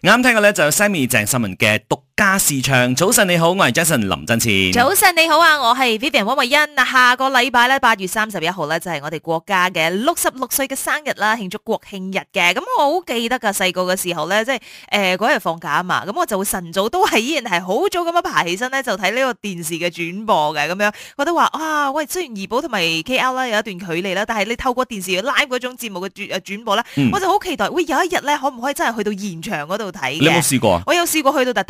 啱啱聽嘅咧就係 Sammy 鄭新聞嘅讀。家時長，早晨你好，我係 Jason 林振前。早晨你好啊，我係 Vivian 汪慧欣啊。下個禮拜咧，八月三十一號咧，就係、是、我哋國家嘅六十六歲嘅生日啦，慶祝國慶日嘅。咁、嗯、我好記得噶，細個嘅時候咧，即係誒嗰日放假啊嘛，咁我就會晨早都係依然係好早咁樣爬起身咧，就睇呢個電視嘅轉播嘅咁樣。覺得話啊，喂，雖然怡保同埋 KL 啦有一段距離啦，但係你透過電視 live 嗰種節目嘅轉播咧，我就好期待。喂，有一日咧，可唔可以真係去到現場嗰度睇？你有冇試過？我有試過去到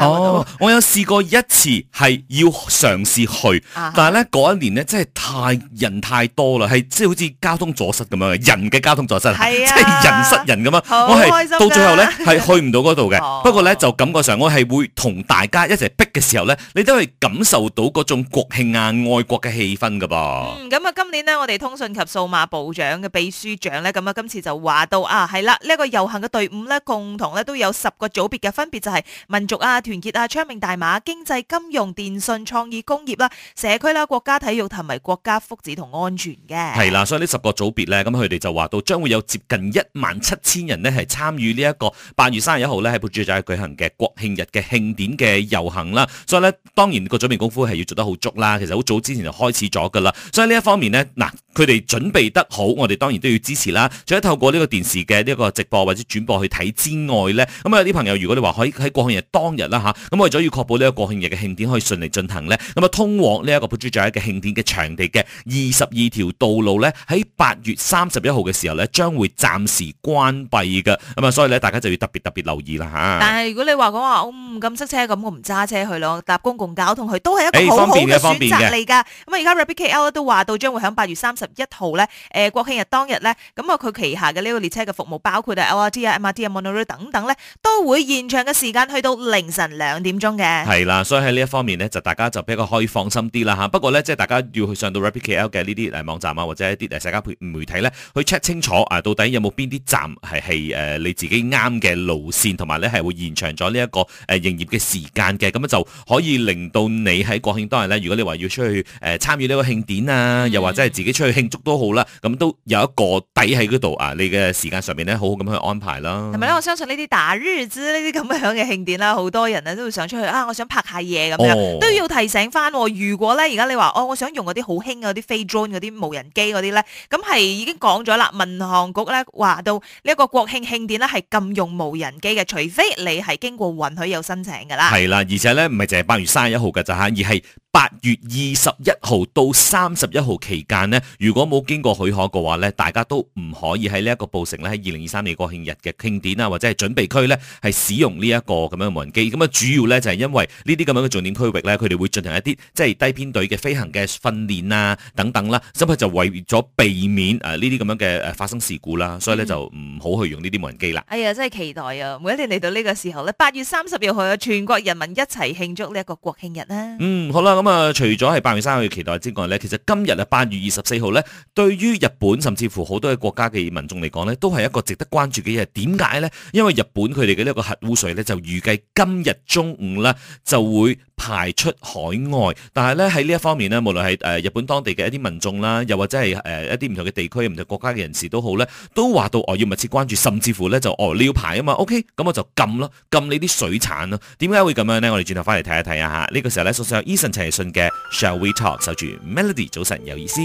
哦，我有試過一次係要嘗試去，但係咧嗰一年呢，真係太人太多啦，係即係好似交通阻塞咁樣，人嘅交通阻塞，係啊、即係人塞人咁樣。好開心㗎！我係到最後呢，係去唔到嗰度嘅，哦、不過呢，就感覺上我係會同大家一齊逼嘅時候呢，你都係感受到嗰種國慶啊、愛國嘅氣氛㗎噃。嗯，咁啊，今年呢，我哋通訊及數碼部長嘅秘書長呢，咁啊今次就話到啊，係啦，呢、呢、一個遊行嘅隊伍呢，共同呢都有十個組別嘅分別，就係民族啊。團結啊，昌明大馬，經濟、金融、電信、創意工業啦，社區啦，國家體育同埋國家福祉同安全嘅。係啦，所以呢十個組別咧，咁佢哋就話到，將會有接近一萬七千人呢係參與呢一個八月三十一號咧喺普朱仔舉行嘅國慶日嘅慶典嘅遊行啦。所以咧，當然個準備功夫係要做得好足啦。其實好早之前就開始咗噶啦。所以呢一方面呢。嗱。佢哋準備得好，我哋當然都要支持啦。除咗透過呢個電視嘅呢一個直播或者轉播去睇之外呢，咁有啲朋友如果你話可以喺國慶日當日啦嚇，咁我為咗要確保呢一個國慶日嘅慶典可以順利進行呢。咁啊通往呢一個 Putrajaya 嘅慶典嘅場地嘅二十二條道路呢，喺八月三十一號嘅時候呢，將會暫時關閉㗎。咁啊，所以呢，大家就要特別特別留意啦嚇。但係如果你話講話咁塞車，咁我唔揸車去咯，搭公共交通去都係一個好好嘅選擇嚟㗎。咁啊而家 Rapid KL 都話到將會喺八月三十一號咧，誒國慶日當日咧，咁啊佢旗下嘅呢個列車嘅服務，包括 LRT 啊 MRT 啊 Monorail 等等咧，都會延長嘅時間去到凌晨兩點鐘嘅。係啦，所以喺呢一方面咧，就大家就比較可以放心啲啦吓。不過咧，即係大家要去上到 Rapid KL 嘅呢啲誒網站啊，或者一啲誒社交媒媒體咧，去 check 清楚啊，到底有冇邊啲站係係誒你自己啱嘅路線，同埋咧係會延長咗呢一個誒營業嘅時間嘅，咁就可以令到你喺國慶當日咧，如果你話要出去誒參與呢個慶典啊，mm-hmm. 又或者係自己出去。慶祝都好啦，咁都有一個底喺嗰度啊！你嘅時間上面咧，好好咁去安排啦。係咪咧，我相信呢啲大日子、呢啲咁樣嘅慶典啦，好多人咧都會想出去啊！我想拍下嘢咁樣，都要提醒翻。如果咧而家你話哦，我想用嗰啲好興嗰啲飛 drone 嗰啲無人機嗰啲咧，咁係已經講咗啦。民航局咧話到呢一個國慶慶典咧係禁用無人機嘅，除非你係經過允許有申請㗎啦。係啦，而且咧唔係淨係八月三十一號㗎咋嚇，而係八月二十一號到三十一號期間咧。如果冇經過許可嘅話咧，大家都唔可以喺呢一個布城咧，喺二零二三年國慶日嘅慶典啊，或者係準備區咧，係使用呢一個咁樣嘅無人機。咁啊，主要咧就係因為呢啲咁樣嘅重點區域咧，佢哋會進行一啲即係低編隊嘅飛行嘅訓練啊等等啦，咁佢就為咗避免呢啲咁樣嘅發生事故啦，所以咧就唔好去用呢啲無人機啦。哎呀，真係期待啊！每一年嚟到呢個時候咧，八月三十號啊，全國人民一齊慶祝呢一個國慶日啦。嗯，好啦，咁、嗯、啊，除咗係八月三十號期待之外咧，其實今日啊，八月二十四號。對於日本甚至乎好多嘅國家嘅民眾嚟講呢都係一個值得關注嘅嘢。點解呢？因為日本佢哋嘅呢個核污水呢，就預計今日中午呢就會排出海外。但係呢，喺呢一方面呢，無論係誒日本當地嘅一啲民眾啦，又或者係誒一啲唔同嘅地區唔同國家嘅人士都好呢，都話到我要密切關注，甚至乎呢就哦你要排啊嘛，OK 咁我就撳咯，撳你啲水產咯。點解會咁樣呢？我哋轉頭翻嚟睇一睇啊！呢、呢個時候呢，送上 Eason 陳奕迅嘅《Shall We Talk》，守住 Melody，早晨有意思。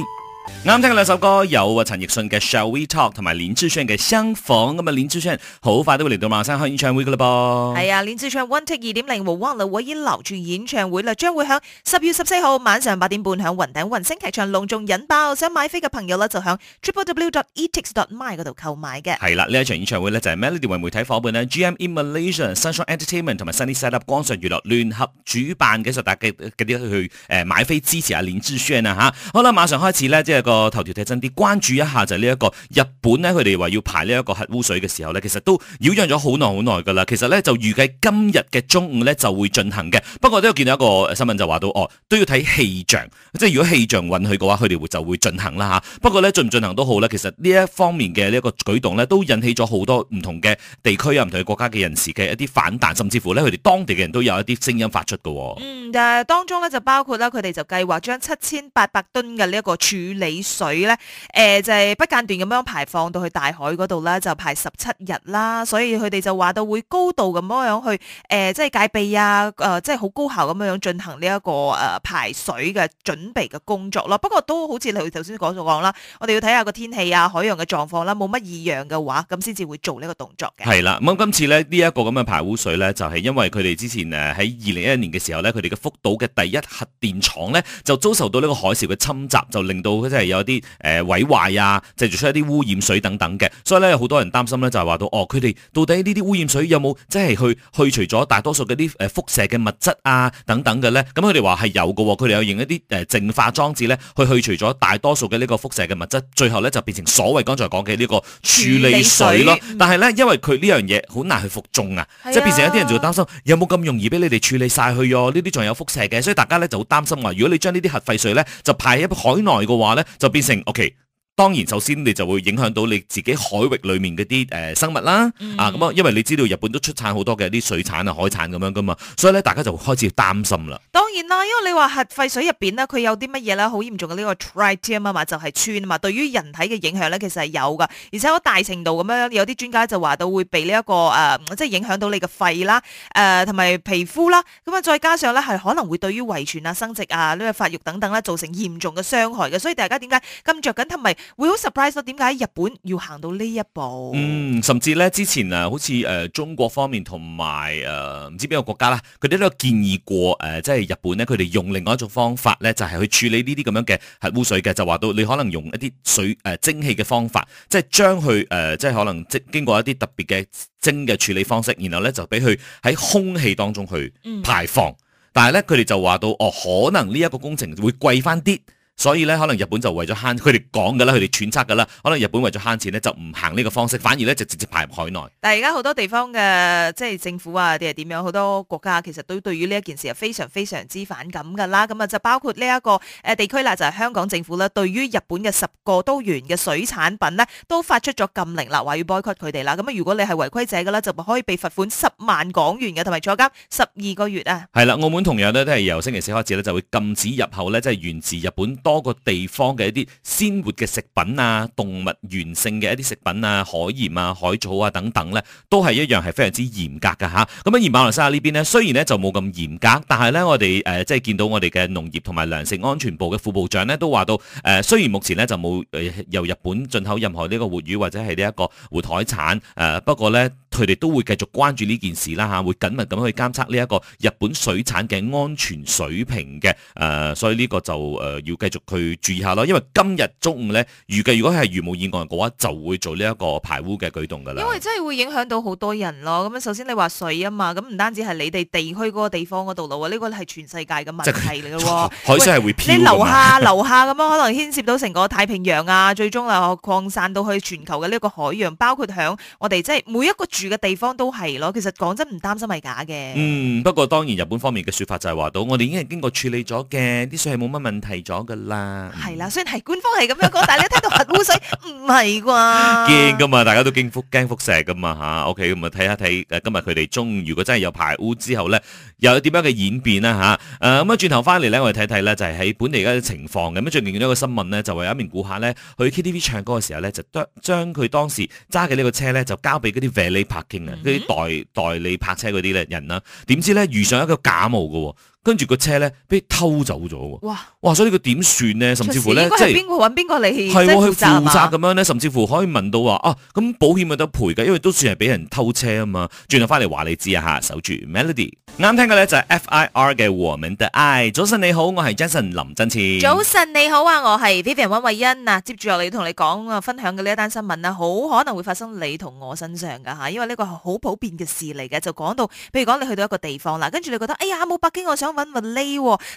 啱聽嘅兩首歌有啊，陳奕迅嘅 Shall We Talk 同埋林志炫嘅相逢。咁啊林志炫好快都會嚟到馬山開演唱會噶啦噃。係啊，林志炫 One Take 二點零和汪麗偉已經留住演唱會啦，將會響十月十四號晚上八點半響雲頂雲星劇場隆重引爆，想買飛嘅朋友呢，就響 www.etix.my 嗰度購買嘅係啦。呢一場演唱會呢，就係、是、Melody 為媒體夥伴咧 GM in Malaysia Sunshine Entertainment 同埋 Sunny Set Up 光碩娛樂聯合主辦嘅十大嘅，嗰啲去誒、呃、買飛支持下林志炫啊吓。好啦，馬上開始呢。一個頭條睇真啲，關注一下就係呢一個日本咧，佢哋話要排呢一個核污水嘅時候咧，其實都擾攘咗好耐好耐噶啦。其實咧就預計今日嘅中午咧就會進行嘅。不過咧見到一個新聞就話到哦，都要睇氣象，即係如果氣象允許嘅話，佢哋會就會進行啦吓。不過咧進唔進行都好咧，其實呢一方面嘅呢一個舉動咧，都引起咗好多唔同嘅地區啊、唔同嘅國家嘅人士嘅一啲反彈，甚至乎咧佢哋當地嘅人都有一啲聲音發出嘅。嗯，誒，當中咧就包括啦，佢哋就計劃將七千八百噸嘅呢一個處理。水咧，誒、呃，就係、是、不間斷咁樣排放到去大海嗰度啦，就排十七日啦，所以佢哋就話到會高度咁樣去，誒、呃，即、就、係、是、戒備啊，誒、呃，即係好高效咁樣樣進行呢一個誒排水嘅準備嘅工作咯。不過都好似你頭先講咗講啦，我哋要睇下個天氣啊，海洋嘅狀況啦，冇乜異樣嘅話，咁先至會做呢個動作嘅。係啦，咁今次咧呢一、這個咁嘅排污水咧，就係、是、因為佢哋之前誒喺二零一一年嘅時候咧，佢哋嘅福島嘅第一核電廠咧就遭受到呢個海嘯嘅侵襲，就令到係有啲誒毀壞啊，製造出一啲污染水等等嘅，所以咧有好多人擔心咧就係話到哦，佢哋到底呢啲污染水有冇即係去去除咗大多數嘅啲誒輻射嘅物質啊等等嘅咧？咁佢哋話係有嘅，佢哋有用一啲誒淨化裝置咧去去除咗大多數嘅呢個輻射嘅物質，最後咧就變成所謂剛才講嘅呢個處理水咯。但係咧因為佢呢樣嘢好難去服眾啊，啊，即係變成一啲人就會擔心有冇咁容易俾你哋處理晒去哦？呢啲仲有輻射嘅，所以大家咧就好擔心啊，如果你將呢啲核廢水咧就排喺海內嘅話咧。就變成 OK。當然，首先你就會影響到你自己海域裏面嗰啲誒生物啦，啊、嗯、咁啊，因為你知道日本都出產好多嘅啲水產啊海產咁樣噶嘛，所以咧大家就開始擔心啦。當然啦，因為你話核廢水入邊咧，佢有啲乜嘢咧？好嚴重嘅呢個 tritium 啊嘛，就係氚啊嘛，對於人體嘅影響咧，其實係有噶，而且好大程度咁樣，有啲專家就話到會被呢、這、一個誒、呃，即係影響到你嘅肺啦，誒同埋皮膚啦，咁啊再加上咧係可能會對於遺傳啊、生殖啊、呢、這個發育等等咧造成嚴重嘅傷害嘅，所以大家點解咁着緊？同埋……會好 surprise 咯？點解日本要行到呢一步？嗯，甚至咧之前啊，好似誒、呃、中國方面同埋誒唔知邊個國家啦，佢哋都有建議過誒，即、呃、係、就是、日本咧，佢哋用另外一種方法咧，就係、是、去處理呢啲咁樣嘅核污水嘅，就話到你可能用一啲水誒、呃、蒸汽嘅方法，即係將佢誒即係可能經經過一啲特別嘅蒸嘅處理方式，然後咧就俾佢喺空氣當中去排放。嗯、但係咧佢哋就話到哦、呃，可能呢一個工程會貴翻啲。所以咧，可能日本就為咗慳，佢哋講噶啦，佢哋揣測噶啦。可能日本為咗慳錢呢，就唔行呢個方式，反而咧就直接排入海內。但係而家好多地方嘅，即係政府啊，定係點樣？好多國家其實都對於呢一件事係非常非常之反感噶啦。咁啊，就包括呢一個誒地區啦，就係香港政府啦，對於日本嘅十個都縣嘅水產品呢，都發出咗禁令啦，話要 boycott 佢哋啦。咁啊，如果你係違規者嘅啦，就可以被罰款十萬港元嘅，同埋坐監十二個月啊。係啦，澳門同樣呢，都係由星期四開始咧，就會禁止入口呢，即係源自日本。多個地方嘅一啲鮮活嘅食品啊，動物源性嘅一啲食品啊，海鹽啊、海藻啊等等呢，都係一樣係非常之嚴格㗎。嚇、啊。咁而馬來西亞呢邊呢，雖然呢就冇咁嚴格，但係呢，我哋、呃、即係見到我哋嘅農業同埋糧食安全部嘅副部長呢，都話到、呃、雖然目前呢就冇由日本進口任何呢個活魚或者係呢一個活海產、呃、不過呢。佢哋都會繼續關注呢件事啦嚇，會緊密咁去監測呢一個日本水產嘅安全水平嘅誒、呃，所以呢個就誒、呃、要繼續去注意一下咯。因為今日中午呢，預計，如果係如無意外嘅話，就會做呢一個排污嘅舉動噶啦。因為真係會影響到好多人咯。咁樣首先你話水啊嘛，咁唔單止係你哋地區嗰個地方嗰度咯，呢個係全世界嘅問題嚟嘅喎。就係、海水係會漂嘅，你流下流 下咁樣，可能牽涉到成個太平洋啊，最終啊擴散到去全球嘅呢一個海洋，包括響我哋即係每一個住嘅地方都係咯，其實講真唔擔心係假嘅。嗯，不過當然日本方面嘅說法就係話到，我哋已經經過處理咗嘅，啲水係冇乜問題咗㗎啦。係啦，雖然係官方係咁樣講，但係你聽到核污水唔係啩？驚噶嘛，大家都驚輻驚輻射噶嘛吓、啊、OK，咁啊睇下睇今日佢哋中，如果真係有排污之後咧，又有點樣嘅演變啦吓，咁啊，轉頭翻嚟咧，我哋睇睇咧就係、是、喺本地嘅情況，咁最近見到一個新聞呢，就話有一名顧客咧去 KTV 唱歌嘅時候咧，就將佢當時揸嘅呢個車咧，就交俾嗰啲北京啊，嗰啲代代理泊車嗰啲咧人啦，點知咧遇上一個假冒嘅。跟住個車咧，俾偷走咗喎！哇哇，所以佢點算呢？甚至乎咧，即係邊個揾邊個嚟係去負責咁樣呢，甚至乎可以問到話啊，咁保險咪得賠嘅，因為都算係俾人偷車啊嘛。轉頭翻嚟話你知啊嚇，守住 Melody 啱聽嘅咧就係、是、FIR 嘅王敏德，哎，早晨你好，我係 Jason 林振前。早晨你好啊，我係 Vivian 温慧欣啊。接住落嚟同你講啊，分享嘅呢一單新聞啊，好可能會發生你同我身上嘅嚇，因為呢個係好普遍嘅事嚟嘅。就講到，譬如講你去到一個地方啦，跟住你覺得哎呀，冇北京我想。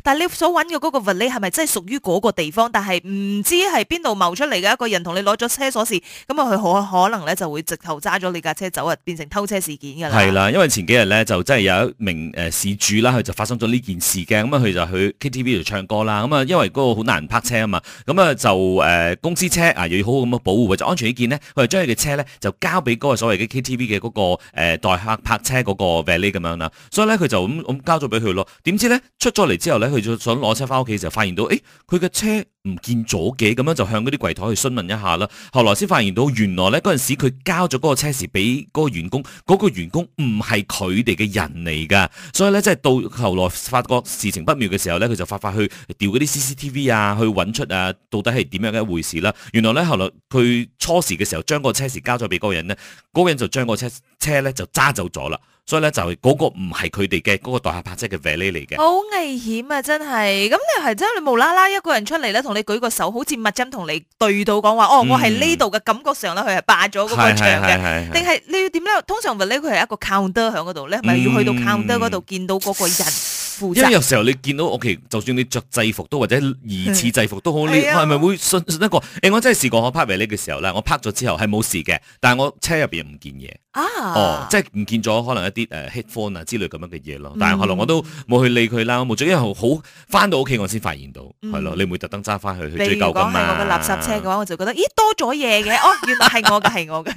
但係你所揾嘅嗰個 valet 係咪真係屬於嗰個地方？但係唔知係邊度冒出嚟嘅一個人同你攞咗車鎖匙，咁啊佢可可能咧就會直頭揸咗你架車走啊，變成偷車事件噶啦。係啦，因為前幾日咧就真係有一名誒事主啦，佢就發生咗呢件事嘅，咁啊佢就去 KTV 度唱歌啦，咁啊因為嗰個好難泊車啊嘛，咁啊就誒公司車啊又要好好咁樣保護，就安全起見呢，佢就將佢嘅車咧就交俾嗰個所謂嘅 KTV 嘅嗰個誒代客泊車嗰個 valet 咁樣啦，所以咧佢就咁交咗俾佢咯，點知？出咗嚟之後呢，佢就想攞車翻屋企嘅時候，發現到誒，佢嘅車唔見咗嘅，咁樣就向嗰啲櫃台去詢問一下啦。後來先發現到，欸、來現到原來呢，嗰陣時佢交咗嗰個車匙俾嗰個員工，嗰、嗰個員工唔係佢哋嘅人嚟噶。所以呢，即係到後來發覺事情不妙嘅時候呢，佢就發發去調嗰啲 CCTV 啊，去揾出誒、啊、到底係點樣嘅一回事啦。原來呢，後來佢初時嘅時候將個車匙交咗俾嗰個人呢，嗰、嗰個人就將個車車咧就揸走咗啦。所以呢，就係嗰個唔係佢哋嘅嗰個代客泊車嘅 Valet 嚟嘅，好危險啊！真係，咁你係真係，你無啦啦一個人出嚟咧，同你舉個手，好似物質同你對到講話，哦，我係呢度嘅感覺上呢，佢係霸咗嗰個場嘅，定、嗯、係你要點咧？通常 Valet 佢係一個 counter 喺嗰度咧，係咪要去到 counter 嗰度見到嗰個人？嗯 因為有時候你見到屋企，就算你着制服都或者疑似制服都好，你係咪會信得過？誒、欸，我真係試過我 park a 你嘅時候啦，我 park 咗之後係冇事嘅，但係我車入邊唔見嘢。啊，哦，即係唔見咗可能一啲誒、呃、headphone 啊之類咁樣嘅嘢咯。但係後來我都冇去理佢啦，冇咗。因為好翻到屋企我先發現到，係咯、嗯，你唔會特登揸翻去去追究噶嘛。垃圾車嘅話，我就覺得咦多咗嘢嘅，哦，原來係我嘅，係我嘅。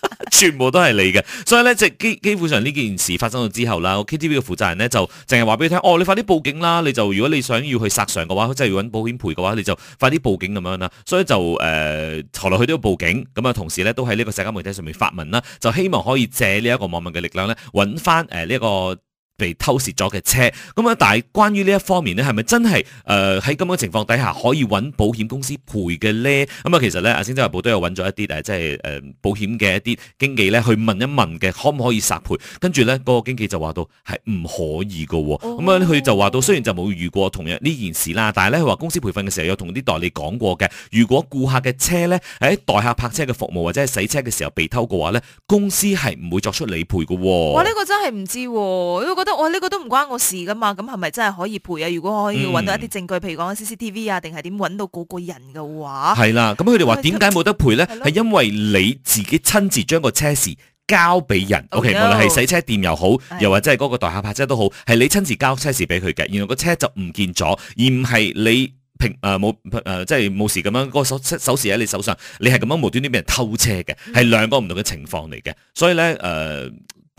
全部都係你嘅，所以咧即係基基本上呢件事發生咗之後啦，K T V 嘅負責人咧就淨係話俾你聽，哦你快啲報警啦，你就如果你想要去索償嘅話，即係要揾保險賠嘅話，你就快啲報警咁樣啦。所以就誒落、呃、來佢都要報警，咁啊同時咧都喺呢個社交媒體上面發文啦，就希望可以借呢一個網民嘅力量咧揾翻誒呢一個。被偷蝕咗嘅車，咁啊！但係關於呢一方面咧，係咪真係誒喺咁嘅情況底下可以揾保險公司賠嘅呢？咁、嗯、啊，其實呢，阿星洲日報都有揾咗一啲誒，即係誒保險嘅一啲經紀呢，去問一問嘅，可唔可以殺賠？跟住呢嗰、那個經紀就話到係唔可以嘅、哦，咁、哦、啊，佢、嗯、就話到雖然就冇遇過同樣呢件事啦，但係呢，佢話公司培訓嘅時候有同啲代理講過嘅，如果顧客嘅車呢，喺代客泊車嘅服務或者係洗車嘅時候被偷嘅話呢，公司係唔會作出理賠嘅、哦這個哦。我呢個真係唔知，我我、哦、呢、這個都唔關我的事噶嘛，咁係咪真係可以賠啊？如果可以搵到一啲證據，嗯、譬如講 CCTV 啊，定係點搵到個個人嘅話，係啦。咁佢哋話點解冇得賠咧？係因為你自己親自將個車匙交俾人、oh, okay,，O K，無論係洗車店又好，又或者係嗰個代客泊車都好，係你親自交車匙俾佢嘅，然後個車就唔見咗，而唔係你平誒冇誒即係冇事咁樣，嗰個手手匙喺你手上，你係咁樣無端端俾人偷車嘅，係、嗯、兩個唔同嘅情況嚟嘅。所以咧誒。呃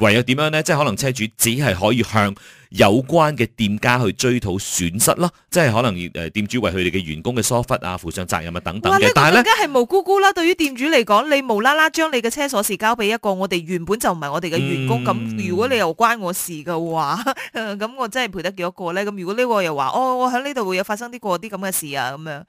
唯有點樣咧？即係可能車主只係可以向有關嘅店家去追討損失咯。即係可能誒，店主為佢哋嘅員工嘅疏忽啊，負上責任啊等等嘅。或者大家係無辜辜啦。對於店主嚟講，你無啦啦將你嘅車鎖匙交俾一個我哋原本就唔係我哋嘅員工，咁、嗯、如果你又關我事嘅話，咁 我真係賠得幾多個咧？咁如果呢個又話，哦，我喺呢度會有發生啲過啲咁嘅事啊，咁樣。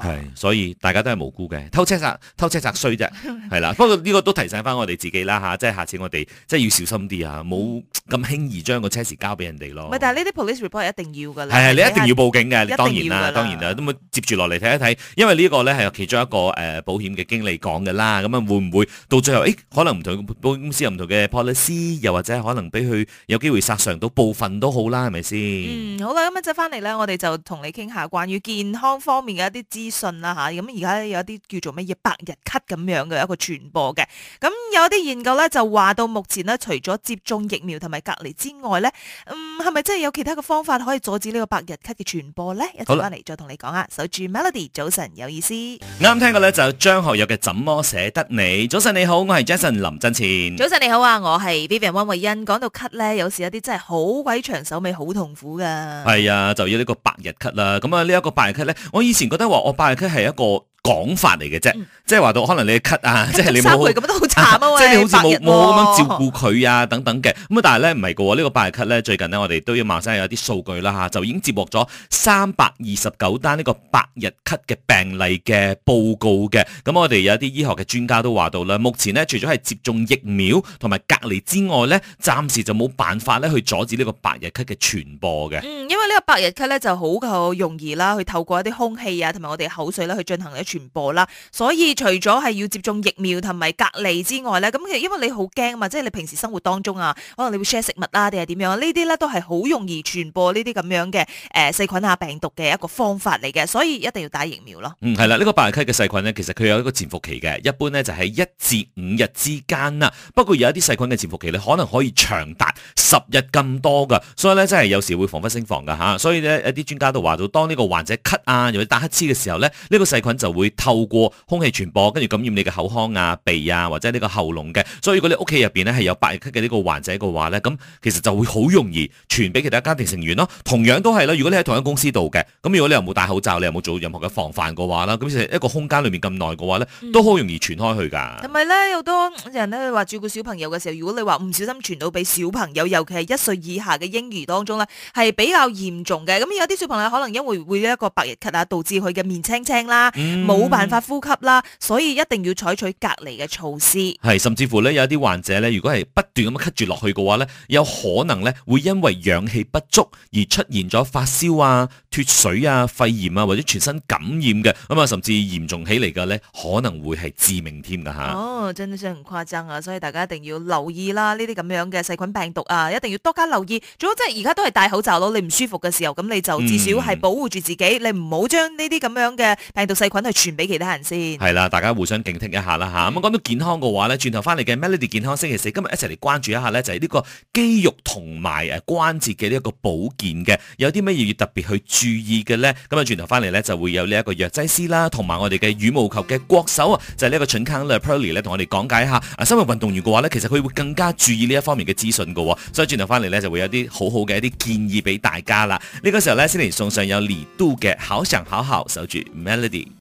係，所以大家都係無辜嘅，偷車賊偷車賊衰啫，係啦。 不過呢個都提醒翻我哋自己啦，吓，即係下次我哋即係要小心啲啊，冇咁輕易將個車匙交俾人哋咯。係，但係呢啲 police report 一定要噶啦。係你，你一定要報警嘅，你當然啦，當然啦。咁啊，當然接住落嚟睇一睇，因為呢個咧係其中一個誒、呃、保險嘅經理講嘅啦。咁啊，會唔會到最後誒、哎，可能唔同保險公司有唔同嘅 policy，又或者可能俾佢有機會殺傷到部分都好啦，係咪先？好啦，咁啊，即翻嚟咧，我哋就同你傾下關於健康方面嘅一啲資。資訊啦吓，咁而家有啲叫做乜嘢百日咳咁樣嘅一個傳播嘅，咁有啲研究咧就話到目前呢，除咗接種疫苗同埋隔離之外咧，嗯，係咪真係有其他嘅方法可以阻止呢個百日咳嘅傳播咧？一陣間翻嚟再同你講啊！守住 Melody，早晨有意思。啱聽過咧就張學友嘅《怎麼捨得你》。早晨你好，我係 Jason 林振前。早晨你好啊，我係 Vivian 溫慧欣。講到咳咧，有時有啲真係好鬼長手尾，好痛苦噶。係啊，就要呢個百日咳啦。咁啊，呢一個百日咳咧，我以前覺得話我。八廿七係一個講法嚟嘅啫。即係話到，可能你嘅咳啊,啊,啊，即係你冇咁都好慘啊，即係好似冇冇咁樣照顧佢啊等等嘅。咁但係咧唔係嘅，呢、這個百日咳咧，最近呢，我哋都要馬上有啲數據啦吓，就已經接獲咗三百二十九單呢個百日咳嘅病例嘅報告嘅。咁我哋有啲醫學嘅專家都話到啦，目前呢，除咗係接種疫苗同埋隔離之外咧，暫時就冇辦法咧去阻止呢個百日咳嘅傳播嘅。嗯，因為呢個百日咳咧就好容易啦，去透過一啲空氣啊同埋我哋口水啦去進行嘅傳播啦，所以。除咗係要接種疫苗同埋隔離之外咧，咁其實因為你好驚啊嘛，即係你平時生活當中啊，可能你會 share 食物啊，定係點樣？呢啲咧都係好容易傳播呢啲咁樣嘅誒細菌啊病毒嘅一個方法嚟嘅，所以一定要打疫苗咯。嗯，係啦，呢個百日咳嘅細菌咧，其實佢有一個潛伏期嘅，一般咧就係一至五日之間啦。不過有一啲細菌嘅潛伏期咧，可能可以長達十日咁多噶。所以咧，真係有時會防不勝防㗎嚇。所以呢，一啲專家都話到，當呢個患者咳啊，又會打乞嗤嘅時候咧，呢個細菌就會透過空氣傳播，跟住感染你嘅口腔啊、鼻啊或者呢個喉嚨嘅。所以如果你屋企入邊咧係有百日咳嘅呢個患者嘅話咧，咁其實就會好容易傳俾其他家庭成員咯。同樣都係啦，如果你喺同一公司度嘅，咁如果你又冇戴口罩，你又冇做任何嘅防範嘅話啦，咁其實一個空間裏面咁耐嘅話咧，都好容易傳開去㗎。同埋咧，有好多人咧話照顧小朋友嘅時候，如果你話唔小心傳到俾小朋友，尤其係一歲以下嘅嬰兒當中咧，係比較嚴重嘅。咁有啲小朋友可能因為會一個百日咳啊，導致佢嘅面青青啦，冇、嗯、辦法呼吸啦。所以一定要採取隔離嘅措施，係甚至乎咧有啲患者咧，如果係不斷咁樣咳住落去嘅話咧，有可能咧會因為氧氣不足而出現咗發燒啊、脫水啊、肺炎啊或者全身感染嘅，咁、嗯、啊甚至嚴重起嚟嘅咧可能會係致命添噶吓。哦，真係唔誇張啊！所以大家一定要留意啦，呢啲咁樣嘅細菌病毒啊，一定要多加留意。最好即係而家都係戴口罩咯。你唔舒服嘅時候，咁你就至少係保護住自己，嗯、你唔好將呢啲咁樣嘅病毒細菌去傳俾其他人先。係啦。大家互相警惕一下啦吓，咁講到健康嘅話轉頭翻嚟嘅 Melody 健康星期四，今日一齊嚟關注一下呢就係呢個肌肉同埋誒關節嘅呢個保健嘅，有啲咩要特別去注意嘅呢？咁啊，轉頭翻嚟呢，就會有呢一個藥劑師啦，同埋我哋嘅羽毛球嘅國手啊，就係呢 Chincanella 個陳康勒普利咧，同我哋講解一下。啊，身為運動員嘅話呢，其實佢會更加注意呢一方面嘅資訊喎。所以轉頭翻嚟呢，就會有啲好好嘅一啲建議俾大家啦。呢、這個時候呢，先嚟送上有年嘅考上考校」好好好守住 Melody。